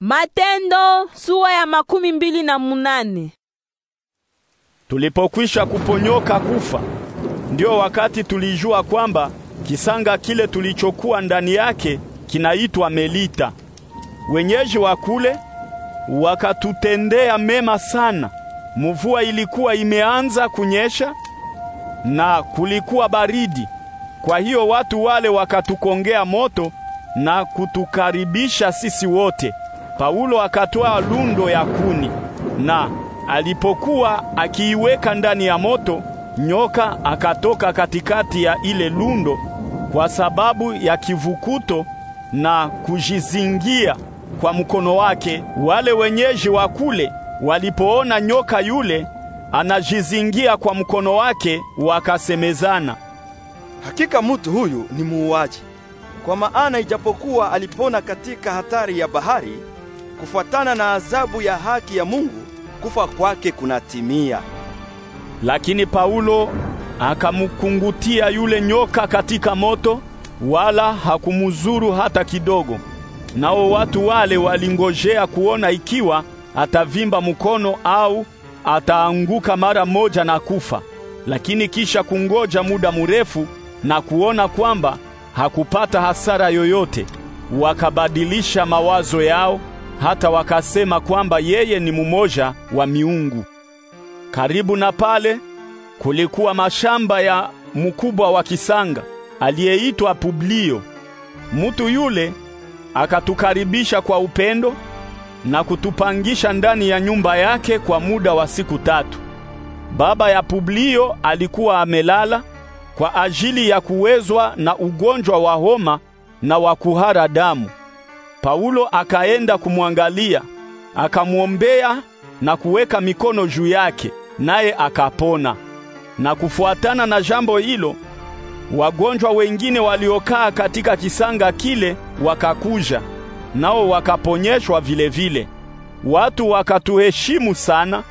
Matendo sura ya makumi mbili na munane. Tulipokwisha kuponyoka kufa, ndio wakati tulijua kwamba kisanga kile tulichokuwa ndani yake kinaitwa Melita. Wenyeji wa kule wakatutendea mema sana. Mvua ilikuwa imeanza kunyesha na kulikuwa baridi. Kwa hiyo watu wale wakatukongea moto na kutukaribisha sisi wote. Paulo akatoa lundo ya kuni na alipokuwa akiiweka ndani ya moto, nyoka akatoka katikati ya ile lundo kwa sababu ya kivukuto na kujizingia kwa mkono wake. Wale wenyeji wa kule walipoona nyoka yule anajizingia kwa mkono wake, wakasemezana, hakika mtu huyu ni muuaji, kwa maana ijapokuwa alipona katika hatari ya bahari kufuatana na adhabu ya haki ya Mungu, kufa kwake kunatimia. Lakini Paulo akamkungutia yule nyoka katika moto, wala hakumuzuru hata kidogo. Nao watu wale walingojea kuona ikiwa atavimba mkono au ataanguka mara moja na kufa. Lakini kisha kungoja muda mrefu na kuona kwamba hakupata hasara yoyote, wakabadilisha mawazo yao hata wakasema kwamba yeye ni mumoja wa miungu. Karibu na pale kulikuwa mashamba ya mkubwa wa kisanga aliyeitwa Publio. Mutu yule akatukaribisha kwa upendo na kutupangisha ndani ya nyumba yake kwa muda wa siku tatu. Baba ya Publio alikuwa amelala kwa ajili ya kuwezwa na ugonjwa wa homa na wa kuhara damu. Paulo akaenda kumwangalia, akamwombea na kuweka mikono juu yake, naye akapona. Na kufuatana na jambo hilo, wagonjwa wengine waliokaa katika kisanga kile wakakuja, nao wakaponyeshwa vile vile. Watu wakatuheshimu sana,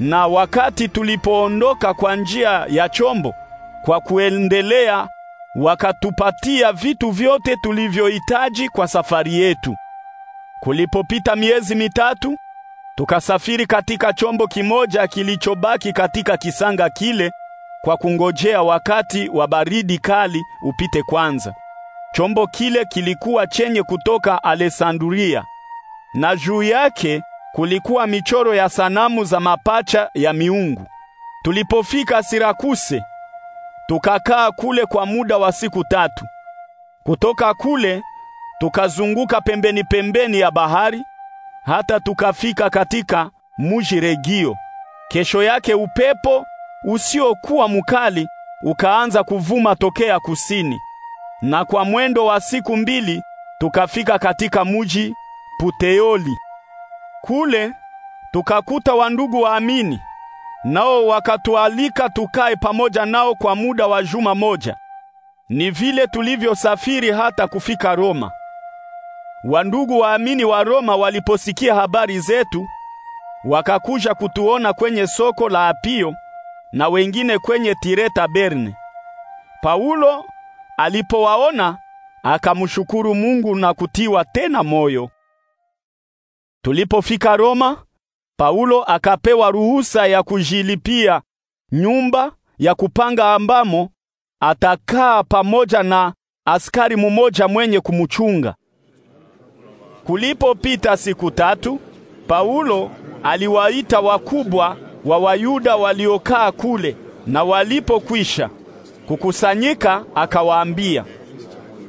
na wakati tulipoondoka kwa njia ya chombo kwa kuendelea wakatupatia vitu vyote tulivyohitaji kwa safari yetu. Kulipopita miezi mitatu, tukasafiri katika chombo kimoja kilichobaki katika kisanga kile kwa kungojea wakati wa baridi kali upite kwanza. Chombo kile kilikuwa chenye kutoka Alesandria na juu yake kulikuwa michoro ya sanamu za mapacha ya miungu. Tulipofika Sirakuse Tukakaa kule kwa muda wa siku tatu. Kutoka kule tukazunguka pembeni pembeni ya bahari hata tukafika katika muji Regio. Kesho yake upepo usiokuwa mkali ukaanza kuvuma tokea kusini, na kwa mwendo wa siku mbili tukafika katika muji Puteoli. Kule tukakuta wandugu waamini nao wakatualika tukae pamoja nao kwa muda wa juma moja. Ni vile tulivyosafiri hata kufika Roma. Wandugu waamini wa Roma waliposikia habari zetu, wakakuja kutuona kwenye soko la Apio na wengine kwenye Tireta Berne. Paulo alipowaona akamshukuru Mungu na kutiwa tena moyo. Tulipofika Roma, Paulo akapewa ruhusa ya kujilipia nyumba ya kupanga ambamo atakaa pamoja na askari mmoja mwenye kumchunga. Kulipopita siku tatu, Paulo aliwaita wakubwa wa Wayuda waliokaa kule, na walipokwisha kukusanyika, akawaambia,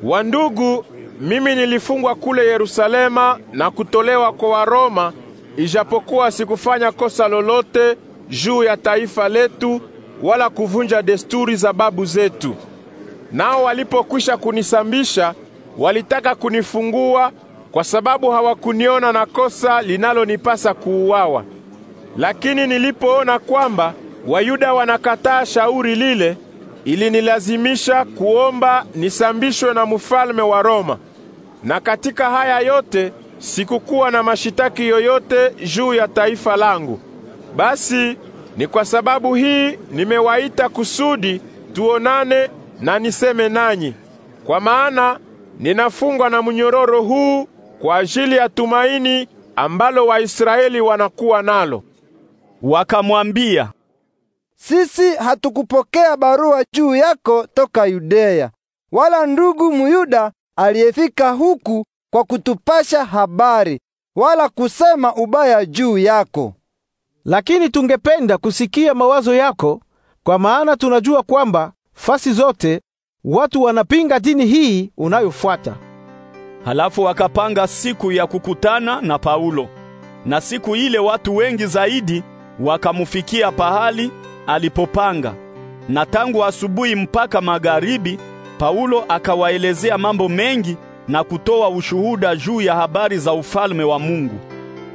Wandugu, mimi nilifungwa kule Yerusalema na kutolewa kwa Waroma ijapokuwa sikufanya kosa lolote juu ya taifa letu wala kuvunja desturi za babu zetu. Nao walipokwisha kunisambisha, walitaka kunifungua kwa sababu hawakuniona na kosa linalonipasa kuuawa. Lakini nilipoona kwamba Wayuda wanakataa shauri lile, ilinilazimisha kuomba nisambishwe na mfalme wa Roma. Na katika haya yote sikukuwa na mashitaki yoyote juu ya taifa langu. Basi ni kwa sababu hii nimewaita kusudi tuonane na niseme nanyi, kwa maana ninafungwa na mnyororo huu kwa ajili ya tumaini ambalo Waisraeli wanakuwa nalo. Wakamwambia, sisi hatukupokea barua juu yako toka Yudea, wala ndugu Muyuda aliyefika huku kwa kutupasha habari wala kusema ubaya juu yako. Lakini tungependa kusikia mawazo yako, kwa maana tunajua kwamba fasi zote watu wanapinga dini hii unayofuata. Halafu wakapanga siku ya kukutana na Paulo, na siku ile watu wengi zaidi wakamufikia pahali alipopanga, na tangu asubuhi mpaka magharibi Paulo akawaelezea mambo mengi na kutoa ushuhuda juu ya habari za ufalme wa Mungu.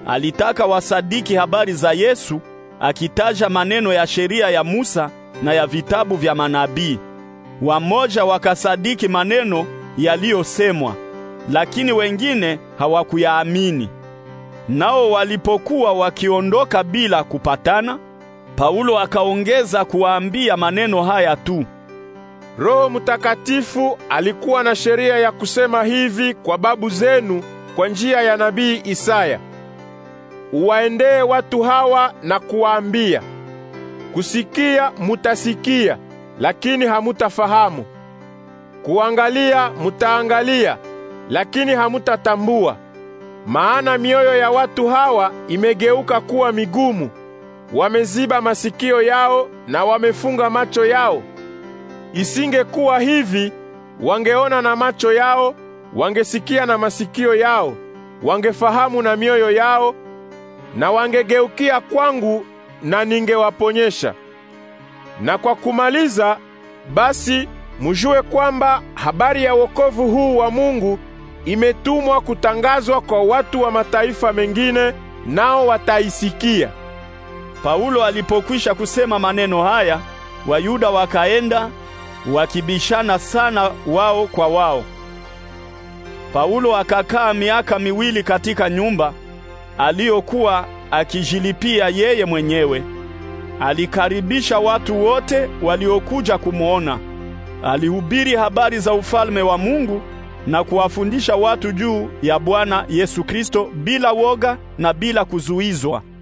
Alitaka wasadiki habari za Yesu, akitaja maneno ya sheria ya Musa na ya vitabu vya manabii. Wamoja wakasadiki maneno yaliyosemwa, lakini wengine hawakuyaamini. Nao walipokuwa wakiondoka bila kupatana, Paulo akaongeza kuwaambia maneno haya tu. Roho Mtakatifu alikuwa na sheria ya kusema hivi kwa babu zenu kwa njia ya nabii Isaya: Uwaendee watu hawa na kuwaambia, kusikia mutasikia, lakini hamutafahamu; kuangalia mutaangalia, lakini hamutatambua. Maana mioyo ya watu hawa imegeuka kuwa migumu, wameziba masikio yao na wamefunga macho yao Isingekuwa hivi, wangeona na macho yao, wangesikia na masikio yao, wangefahamu na mioyo yao, na wangegeukia kwangu na ningewaponyesha. Na kwa kumaliza, basi mjue kwamba habari ya wokovu huu wa Mungu imetumwa kutangazwa kwa watu wa mataifa mengine, nao wataisikia. Paulo alipokwisha kusema maneno haya, Wayuda wakaenda wakibishana sana wao kwa wao. Paulo akakaa miaka miwili katika nyumba aliyokuwa akijilipia yeye mwenyewe. Alikaribisha watu wote waliokuja kumwona. Alihubiri habari za ufalme wa Mungu na kuwafundisha watu juu ya Bwana Yesu Kristo bila woga na bila kuzuizwa.